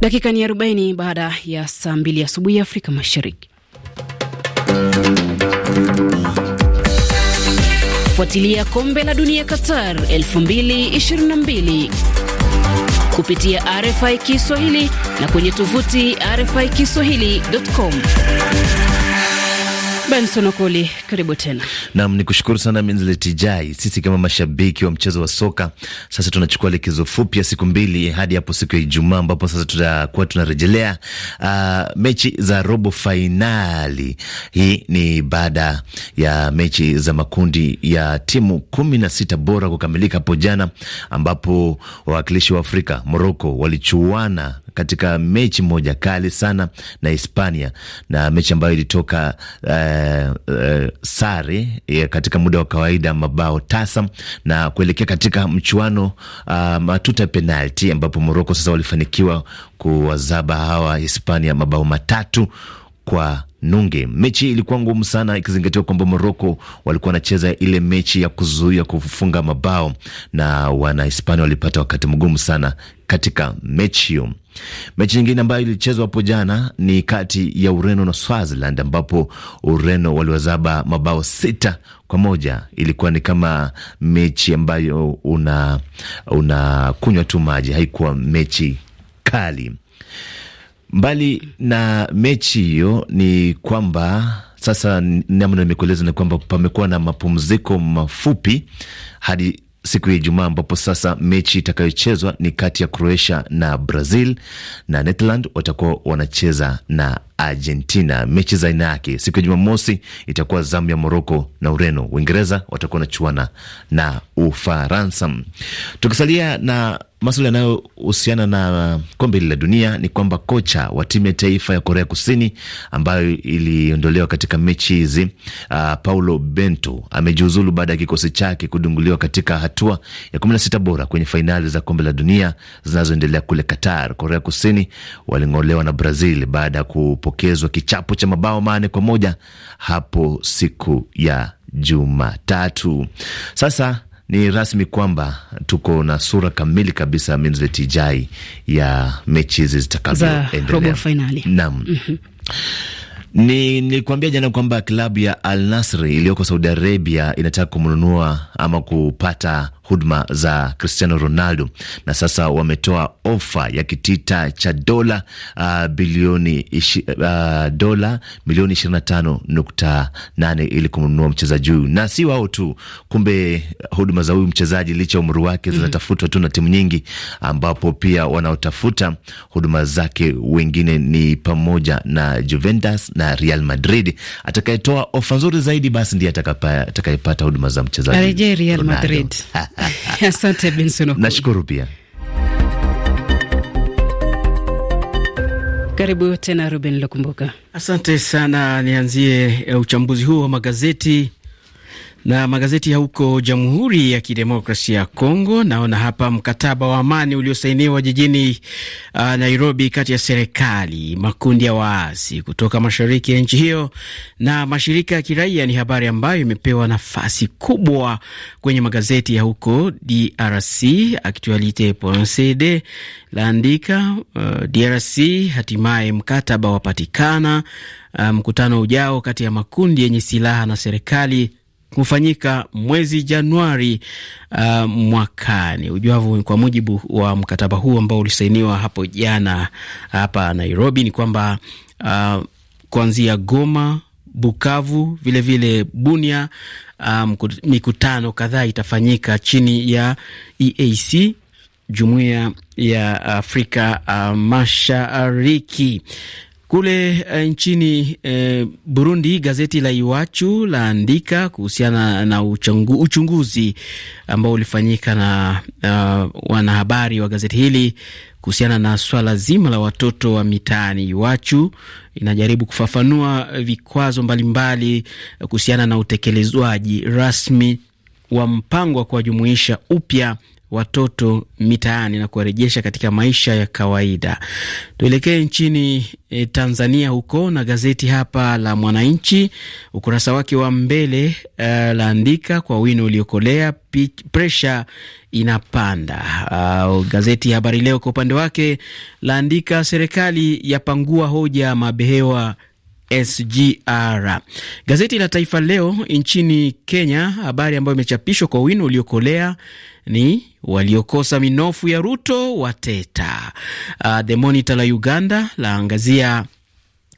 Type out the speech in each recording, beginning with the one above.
Dakika ni 40 baada ya saa mbili asubuhi ya Afrika Mashariki. Fuatilia kombe la dunia Qatar 2022 kupitia RFI Kiswahili na kwenye tovuti RFI Kiswahili.com. Benson Okoli, karibu tena. Naam, ni kushukuru sana Minzleti Jai. Sisi kama mashabiki wa mchezo wa soka sasa tunachukua likizo fupi ya siku mbili hadi hapo siku ya Ijumaa ambapo sasa tutakuwa tunarejelea uh, mechi za robo fainali. Hii ni baada ya mechi za makundi ya timu kumi na sita bora kukamilika hapo jana, ambapo wawakilishi wa Afrika Moroko walichuana katika mechi moja kali sana na Hispania na mechi ambayo ilitoka uh, uh, uh, sare eh, katika muda wa kawaida mabao tasa na kuelekea katika mchuano uh, matuta penalti, ambapo Moroko sasa walifanikiwa kuwazaba hawa Hispania mabao matatu kwa nunge. Mechi ilikuwa ngumu sana ikizingatiwa kwamba Moroko walikuwa wanacheza ile mechi ya kuzuia kufunga mabao, na Wanahispania walipata wakati mgumu sana katika mechi hiyo. Mechi nyingine ambayo ilichezwa hapo jana ni kati ya Ureno na Swaziland ambapo Ureno waliwazaba mabao sita kwa moja. Ilikuwa ni kama mechi ambayo una unakunywa tu maji, haikuwa mechi kali. Mbali na mechi hiyo ni kwamba sasa namna nimekueleza ni kwamba pamekuwa na mapumziko mafupi hadi siku ya Ijumaa, ambapo sasa mechi itakayochezwa ni kati ya Croatia na Brazil na Netherland watakuwa wanacheza na Argentina. Mechi za aina yake siku ya Jumamosi itakuwa zamu ya Moroko na Ureno. Uingereza watakuwa wanachuana na Ufaransa. Tukisalia na masuala yanayohusiana na kombe hili la dunia ni kwamba kocha wa timu ya taifa ya Korea Kusini ambayo iliondolewa katika mechi hizi uh, Paulo Bento amejiuzulu baada ya kikosi chake kudunguliwa katika hatua ya kumi na sita bora kwenye fainali za kombe la dunia zinazoendelea kule Qatar. Korea Kusini waling'olewa na Brazil baada ya ku walipokezwa kichapo cha mabao mane kwa moja hapo siku ya Jumatatu. Sasa ni rasmi kwamba tuko na sura kamili kabisa ya mechi hizi zitakazoendelea. Naam. Mhm. Ni nilikuambia jana kwamba klabu ya Al Nasri iliyoko Saudi Arabia inataka kumnunua ama kupata huduma za Cristiano Ronaldo, na sasa wametoa ofa ya kitita cha dola uh, bilioni uh, dola milioni 25.8 ili kumnunua mchezaji huyu. Na si wao tu, kumbe huduma za huyu mchezaji licha umri wake mm-hmm. zinatafutwa tu na timu nyingi, ambapo pia wanaotafuta huduma zake wengine ni pamoja na Juventus na na Real Madrid. Atakayetoa ofa nzuri zaidi basi ndiye atakayepata huduma za mchezaji. Arejee Real Madrid. Asante Benson. Nashukuru pia. Karibu tena Ruben Lukumbuka. Asante sana. Nianzie eh, uchambuzi huo wa magazeti na magazeti ya huko Jamhuri ya Kidemokrasia ya Kongo, naona hapa mkataba wa amani uliosainiwa jijini uh, Nairobi, kati ya serikali, makundi ya waasi kutoka mashariki ya nchi hiyo na mashirika ya kiraia, ni habari ambayo imepewa nafasi kubwa kwenye magazeti ya huko DRC. Actualite.cd laandika uh, DRC hatimaye mkataba wapatikana, mkutano uh, mkutano ujao kati ya makundi yenye silaha na serikali kufanyika mwezi Januari uh, mwakani. Ujuavu, kwa mujibu wa mkataba huu ambao ulisainiwa hapo jana uh, hapa Nairobi, ni kwamba uh, kuanzia Goma, Bukavu, vilevile vile Bunia, um, mikutano kadhaa itafanyika chini ya EAC Jumuiya ya Afrika uh, Mashariki. Kule uh, nchini eh, Burundi, gazeti la Iwachu laandika kuhusiana na uchungu, uchunguzi ambao ulifanyika na uh, wanahabari wa gazeti hili kuhusiana na swala zima la watoto wa mitaani. Iwachu inajaribu kufafanua vikwazo mbalimbali kuhusiana na utekelezwaji rasmi wa mpango wa kuwajumuisha upya watoto mitaani na kuwarejesha katika maisha ya kawaida. Tuelekee nchini e, Tanzania huko na gazeti hapa la Mwananchi ukurasa wake wa mbele uh, eh, laandika kwa wino uliokolea presha inapanda. Uh, gazeti Habari Leo kwa upande wake laandika serikali yapangua hoja mabehewa SGR. Gazeti la Taifa Leo nchini Kenya, habari ambayo imechapishwa kwa wino uliokolea ni waliokosa minofu ya Ruto wateta. Uh, The Monitor la Uganda laangazia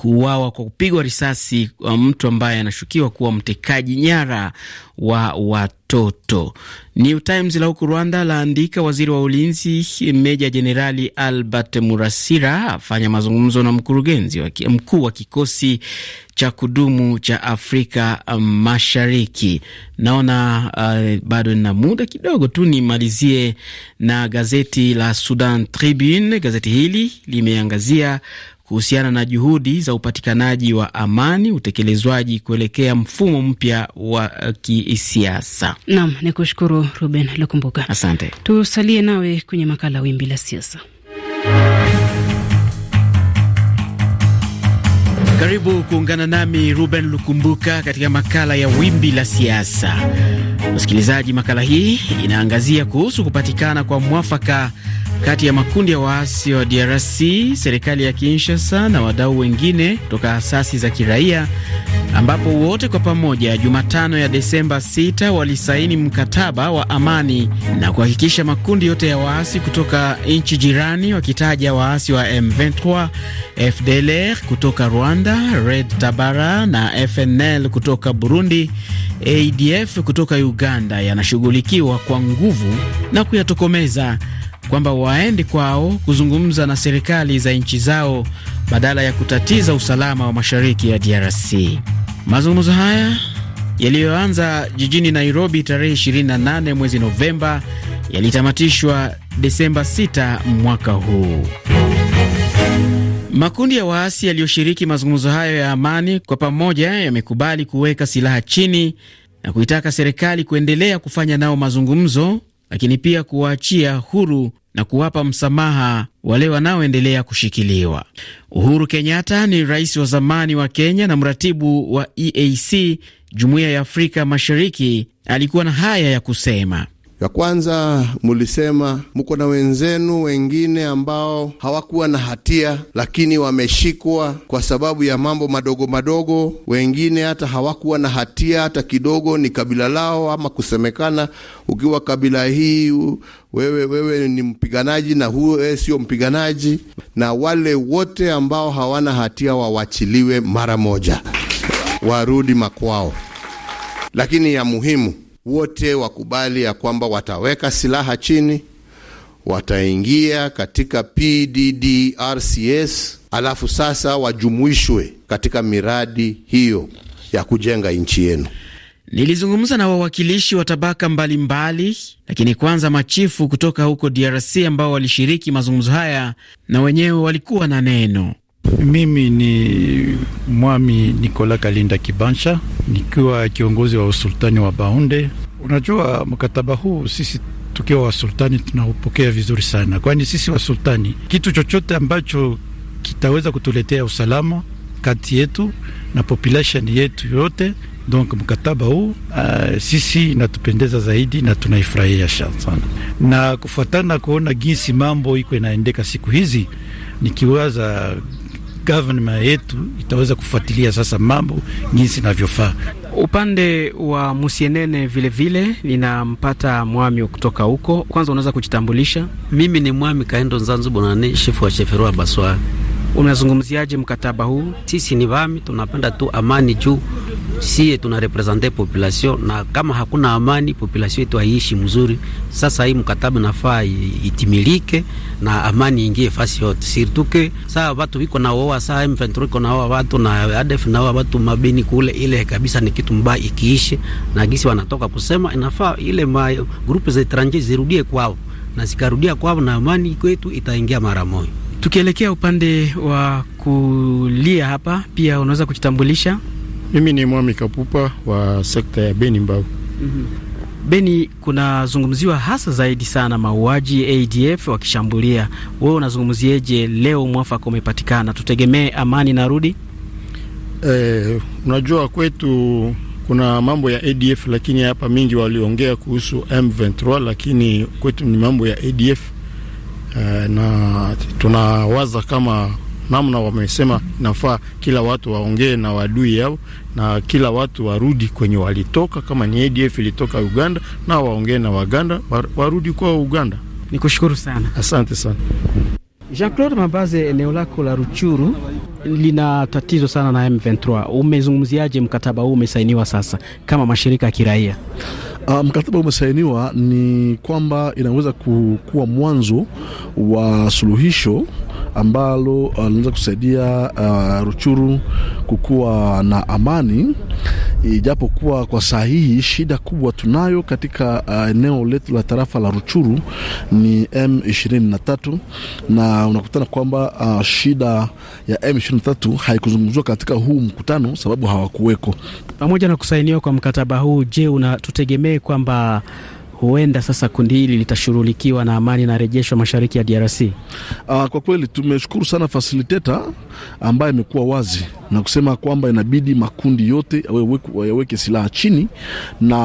kuuawa kwa kupigwa risasi wa uh, mtu ambaye anashukiwa kuwa mtekaji nyara wa watoto. New Times la huku Rwanda laandika waziri wa ulinzi meja jenerali Albert Murasira afanya mazungumzo na mkurugenzi mkuu wa kikosi cha kudumu cha Afrika um, Mashariki. Naona uh, bado nina muda kidogo tu nimalizie na gazeti la Sudan Tribune. Gazeti hili limeangazia kuhusiana na juhudi za upatikanaji wa amani, utekelezwaji kuelekea mfumo mpya wa eh, kisiasa. Naam, ni kushukuru Ruben Lukumbuka, asante. Tusalie nawe kwenye makala Wimbi la Siasa. Karibu kuungana nami Ruben Lukumbuka katika makala ya wimbi la siasa. Msikilizaji, makala hii inaangazia kuhusu kupatikana kwa mwafaka kati ya makundi ya waasi wa DRC, serikali ya Kinshasa na wadau wengine kutoka asasi za kiraia, ambapo wote kwa pamoja Jumatano ya Desemba 6 walisaini mkataba wa amani na kuhakikisha makundi yote ya waasi kutoka nchi jirani, wakitaja waasi wa M23, FDLR kutoka Rwanda, Red Tabara na FNL kutoka Burundi, ADF kutoka Uganda yanashughulikiwa kwa nguvu na kuyatokomeza kwamba waende kwao kuzungumza na serikali za nchi zao badala ya kutatiza usalama wa mashariki ya DRC. Mazungumzo haya yaliyoanza jijini Nairobi tarehe 28 mwezi Novemba yalitamatishwa Desemba 6 mwaka huu. Makundi ya waasi yaliyoshiriki mazungumzo hayo ya amani kwa pamoja yamekubali kuweka silaha chini na kuitaka serikali kuendelea kufanya nao mazungumzo lakini pia kuwaachia huru na kuwapa msamaha wale wanaoendelea kushikiliwa. Uhuru Kenyatta ni rais wa zamani wa Kenya na mratibu wa EAC, jumuiya ya Afrika Mashariki. Alikuwa na haya ya kusema. Ya kwanza mulisema muko na wenzenu wengine ambao hawakuwa na hatia, lakini wameshikwa kwa sababu ya mambo madogo madogo. Wengine hata hawakuwa na hatia hata kidogo, ni kabila lao ama kusemekana, ukiwa kabila hii wewe, wewe ni mpiganaji na huyo sio mpiganaji. Na wale wote ambao hawana hatia wawachiliwe mara moja, warudi makwao. Lakini ya muhimu wote wakubali ya kwamba wataweka silaha chini, wataingia katika PDDRCS, alafu sasa wajumuishwe katika miradi hiyo ya kujenga nchi yenu. Nilizungumza na wawakilishi wa tabaka mbalimbali, lakini kwanza machifu kutoka huko DRC ambao walishiriki mazungumzo haya na wenyewe walikuwa na neno. Mimi ni Mwami Nikola Kalinda Kibansha nikiwa kiongozi wa usultani wa Baunde. Unajua, mkataba huu sisi tukiwa wasultani tunaupokea vizuri sana, kwani sisi wasultani, kitu chochote ambacho kitaweza kutuletea usalama kati yetu na population yetu yote, donk mkataba huu uh, sisi inatupendeza zaidi na tunaifurahia sana, na kufuatana kuona jinsi mambo iko inaendeka siku hizi, nikiwaza gavana yetu itaweza kufuatilia sasa mambo jinsi inavyofaa. Upande wa Musienene vilevile ninampata mwami kutoka huko. Kwanza unaweza kujitambulisha? Mimi ni mwami Kaendo Nzanzu Bonani, shifu wa sheferua Baswa. Unazungumziaje mkataba huu? Sisi ni vami, tunapenda tu amani juu tuna represente population, na kama hakuna amani population yetu haiishi mzuri. Sasa hii mkataba nafaa itimilike na amani ingie fasi yote, sirtuke saa watu viko na oa saa M23 iko na oa watu na ADF na oa watu mabini kule, ile kabisa ni kitu mbaya. Ikiishi na gisi wanatoka kusema, inafaa ile ma grupu za etranje zirudie kwao na zikarudia kwao, na amani kwetu itaingia mara moja. Tukielekea upande wa kulia hapa, pia unaweza kujitambulisha? Mimi ni Mwami Kapupa wa sekta ya Beni Mbau. mm -hmm. Beni kunazungumziwa hasa zaidi sana mauaji, ADF wakishambulia. Wewe unazungumziaje leo mwafaka umepatikana, tutegemee amani narudi? Eh, unajua kwetu kuna mambo ya ADF, lakini hapa mingi waliongea kuhusu M23, lakini kwetu ni mambo ya ADF Eh, na tunawaza kama namna wamesema inafaa kila watu waongee na wadui yao na kila watu warudi kwenye walitoka. Kama ni ADF ilitoka Uganda, na waongee na Waganda warudi kwa Uganda. ni kushukuru sana, asante sana. Jean-Claude Mabaze, eneo lako la Ruchuru lina tatizo sana na M23. Umezungumziaje mkataba huu umesainiwa sasa kama mashirika ya kiraia? Ah, mkataba umesainiwa ni kwamba inaweza kuwa mwanzo wa suluhisho ambalo ah, linaweza uh, kusaidia uh, Ruchuru kukuwa na amani ijapokuwa kwa saa hii shida kubwa tunayo katika uh, eneo uh, letu la tarafa la Ruchuru ni M23, na unakutana kwamba uh, shida ya M23 haikuzungumziwa katika huu mkutano sababu hawakuweko. Pamoja na kusainiwa kwa mkataba huu, je, unatutegemee kwamba huenda sasa kundi hili litashughulikiwa na amani na rejeshwa mashariki ya DRC? Uh, ah, kwa kweli tumeshukuru sana fasiliteta ambaye amekuwa wazi na kusema kwamba inabidi makundi yote yaweke silaha chini na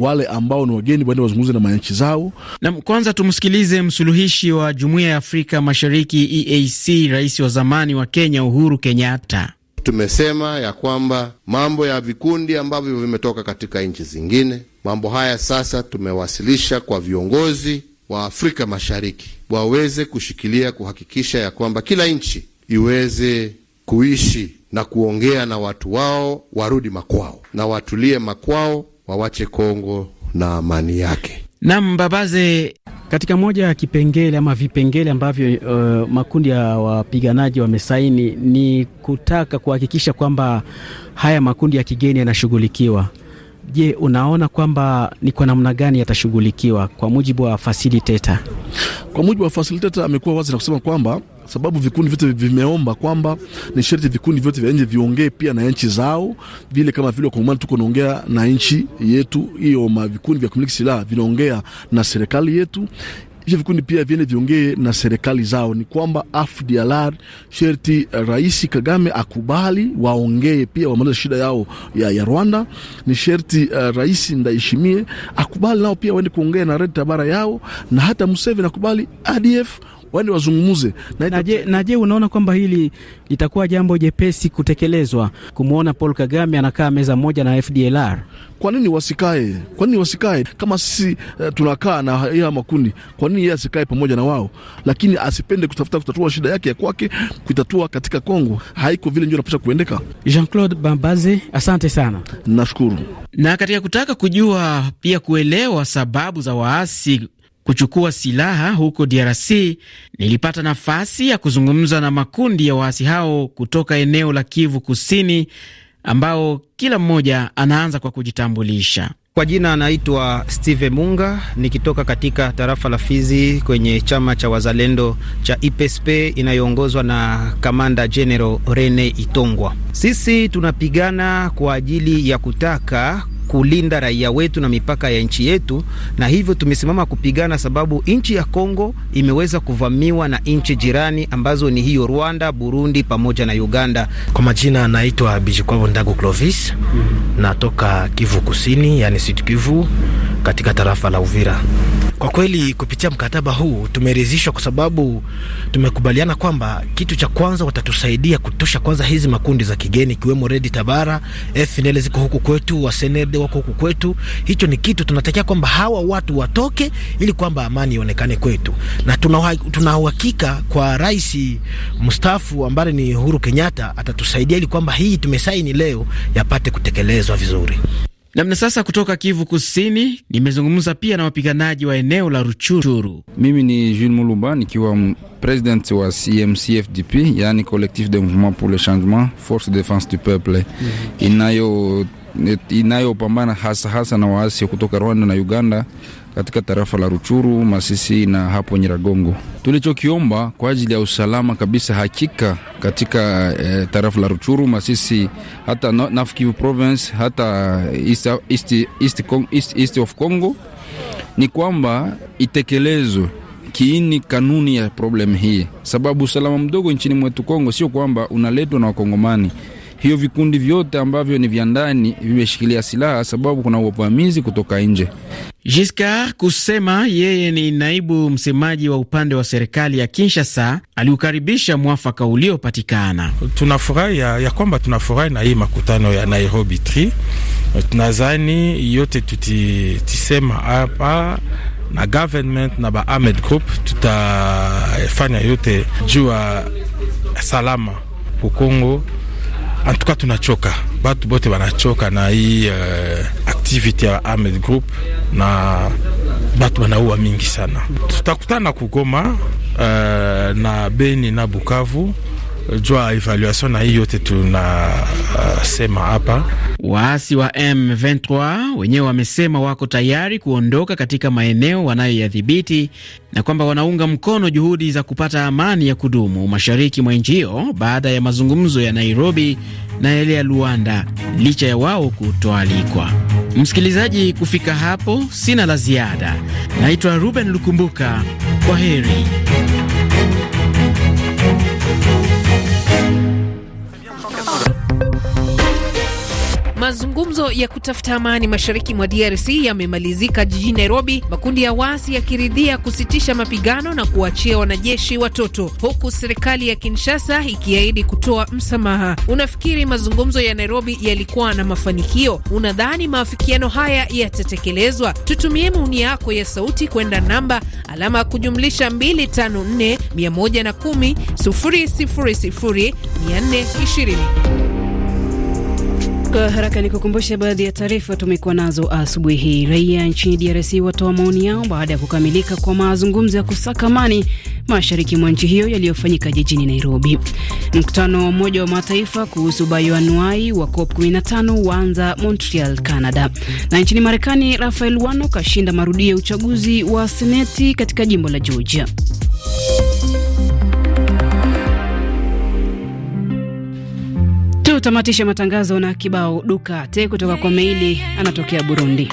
wale ambao ni wageni waende wazungumze na manchi zao. Na kwanza tumsikilize msuluhishi wa Jumuiya ya Afrika Mashariki EAC, rais wa zamani wa Kenya Uhuru Kenyatta. Tumesema ya kwamba mambo ya vikundi ambavyo vimetoka katika nchi zingine Mambo haya sasa tumewasilisha kwa viongozi wa Afrika Mashariki waweze kushikilia kuhakikisha ya kwamba kila nchi iweze kuishi na kuongea na watu wao, warudi makwao na watulie makwao, wawache Kongo na amani yake. Nam Babaze, katika moja ya kipengele ama vipengele ambavyo uh, makundi ya wapiganaji wamesaini ni kutaka kuhakikisha kwamba haya makundi ya kigeni yanashughulikiwa. Je, unaona kwamba ni kwa namna gani yatashughulikiwa kwa mujibu wa facilitator? Kwa mujibu wa facilitator, amekuwa wazi na kusema kwamba sababu vikundi vyote vimeomba kwamba ni sharti vikundi vyote vya nje viongee pia na nchi zao, vile kama vile wakongomani tuko naongea na nchi yetu hiyo, ma vikundi vya kumiliki silaha vinaongea na serikali yetu hivi vikundi pia viende viongee na serikali zao, ni kwamba FDLR sherti Rais Kagame akubali waongee pia wamaliza shida yao ya, ya Rwanda. Ni sherti uh, Rais Ndayishimiye akubali nao pia waende kuongea na Red Tabara yao, na hata Museveni akubali ADF wale wazungumuze. Na je, unaona kwamba hili litakuwa jambo jepesi kutekelezwa, kumwona Paul Kagame anakaa meza moja na FDLR? Kwa nini wasikae? Kwa nini wasikae? Kama sisi uh, tunakaa na haya makundi, kwa nini yeye asikae pamoja na wao? Lakini asipende kutafuta kutatua shida yake ya kwake, kuitatua katika Kongo haiko vile ndio napesha kuendeka. Jean-Claude Bambaze, asante sana, nashukuru. Na katika kutaka kujua pia kuelewa sababu za waasi kuchukua silaha huko DRC, nilipata nafasi ya kuzungumza na makundi ya waasi hao kutoka eneo la Kivu Kusini, ambao kila mmoja anaanza kwa kujitambulisha. Kwa jina anaitwa Steve Munga, nikitoka katika tarafa la Fizi kwenye chama cha wazalendo cha IPSP inayoongozwa na kamanda General Rene Itongwa. Sisi tunapigana kwa ajili ya kutaka kulinda raia wetu na mipaka ya nchi yetu, na hivyo tumesimama kupigana, sababu nchi ya Kongo imeweza kuvamiwa na nchi jirani ambazo ni hiyo Rwanda, Burundi pamoja na Uganda. Kwa majina anaitwa Bijikwavo Ndagu Clovis, natoka Kivu Kusini, yani Sud Kivu, katika tarafa la Uvira. Kwa kweli kupitia mkataba huu tumeridhishwa, kwa sababu tumekubaliana kwamba kitu cha kwanza watatusaidia kutosha kwanza hizi makundi za kigeni, ikiwemo Redi Tabara, FNL ziko huku kwetu, Wasenede wako huku kwetu. Hicho ni kitu tunatakia kwamba hawa watu watoke, ili kwamba amani ionekane kwetu, na tuna uhakika kwa rais mstaafu ambaye ni Uhuru Kenyatta atatusaidia ili kwamba hii tumesaini leo yapate kutekelezwa vizuri. Namna sasa, kutoka Kivu Kusini nimezungumza pia na wapiganaji wa eneo la Ruchuru. Mimi ni Jules Mulumba nikiwa president wa CMCFDP, yani Collectif de Mouvement pour le Changement, Force de Defense du Peuple mhm. inayo inayopambana hasa hasa na waasi kutoka Rwanda na Uganda katika tarafa la Ruchuru, Masisi na hapo Nyiragongo. Tulichokiomba kwa ajili ya usalama kabisa hakika katika e, tarafa la Ruchuru, Masisi, hata North Kivu province, hata east, east, east, east, east of Congo ni kwamba itekelezwe kiini kanuni ya problem hii, sababu usalama mdogo nchini mwetu Kongo sio kwamba unaletwa na Wakongomani hiyo vikundi vyote ambavyo ni vya ndani vimeshikilia silaha, sababu kuna uvamizi kutoka nje. Giscard kusema yeye ni naibu msemaji wa upande wa serikali ya Kinshasa aliukaribisha mwafaka uliopatikana. Tunafurahi ya, ya kwamba tunafurahi na hii makutano ya Nairobi 3 tunazani yote tutisema hapa na government na ba Ahmed Group tutafanya yote juu ya salama kukongo Antuka tunachoka, batu bote banachoka na hii uh, activity ya Ahmed Group na batu banaua mingi sana. Tutakutana kugoma uh, na Beni na Bukavu jua evaluation na hii yote tunasema uh, hapa. Waasi wa M23 wenyewe wamesema wako tayari kuondoka katika maeneo wanayoyadhibiti na kwamba wanaunga mkono juhudi za kupata amani ya kudumu mashariki mwa nchi hiyo baada ya mazungumzo ya Nairobi na yale ya Luanda, licha ya wao kutoalikwa. Msikilizaji, kufika hapo sina la ziada. Naitwa Ruben Lukumbuka, kwa heri. Mazungumzo ya kutafuta amani mashariki mwa DRC yamemalizika jijini Nairobi, makundi ya wasi yakiridhia kusitisha mapigano na kuachia wanajeshi watoto, huku serikali ya Kinshasa ikiahidi kutoa msamaha. Unafikiri mazungumzo ya Nairobi yalikuwa na mafanikio? Unadhani maafikiano haya yatatekelezwa? Tutumie maoni yako ya sauti kwenda namba alama ya kujumlisha 254 110 000 420. Kwa haraka ni kukumbusha baadhi ya taarifa tumekuwa nazo asubuhi hii. Raia nchini DRC watoa maoni yao baada ya kukamilika kwa mazungumzo ya kusaka amani mashariki mwa nchi hiyo yaliyofanyika jijini Nairobi. Mkutano wa Umoja wa Mataifa kuhusu bayoanuai wa COP 15 waanza Montreal, Canada. Na nchini Marekani, Rafael Wano kashinda marudio ya uchaguzi wa seneti katika jimbo la Georgia. Tutamatisha matangazo na kibao duka te kutoka kwa Meili anatokea Burundi.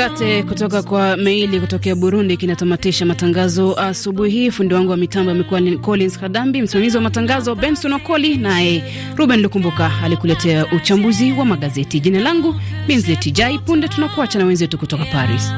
Kate kutoka kwa meili kutokea Burundi kinatamatisha matangazo asubuhi hii. Fundi wangu wa mitambo amekuwa Collins Kadambi, msimamizi wa matangazo Benson Okoli, naye Ruben Lukumbuka alikuletea uchambuzi wa magazeti. Jina langu Minzleti Jai. Punde tunakuacha na wenzetu kutoka Paris.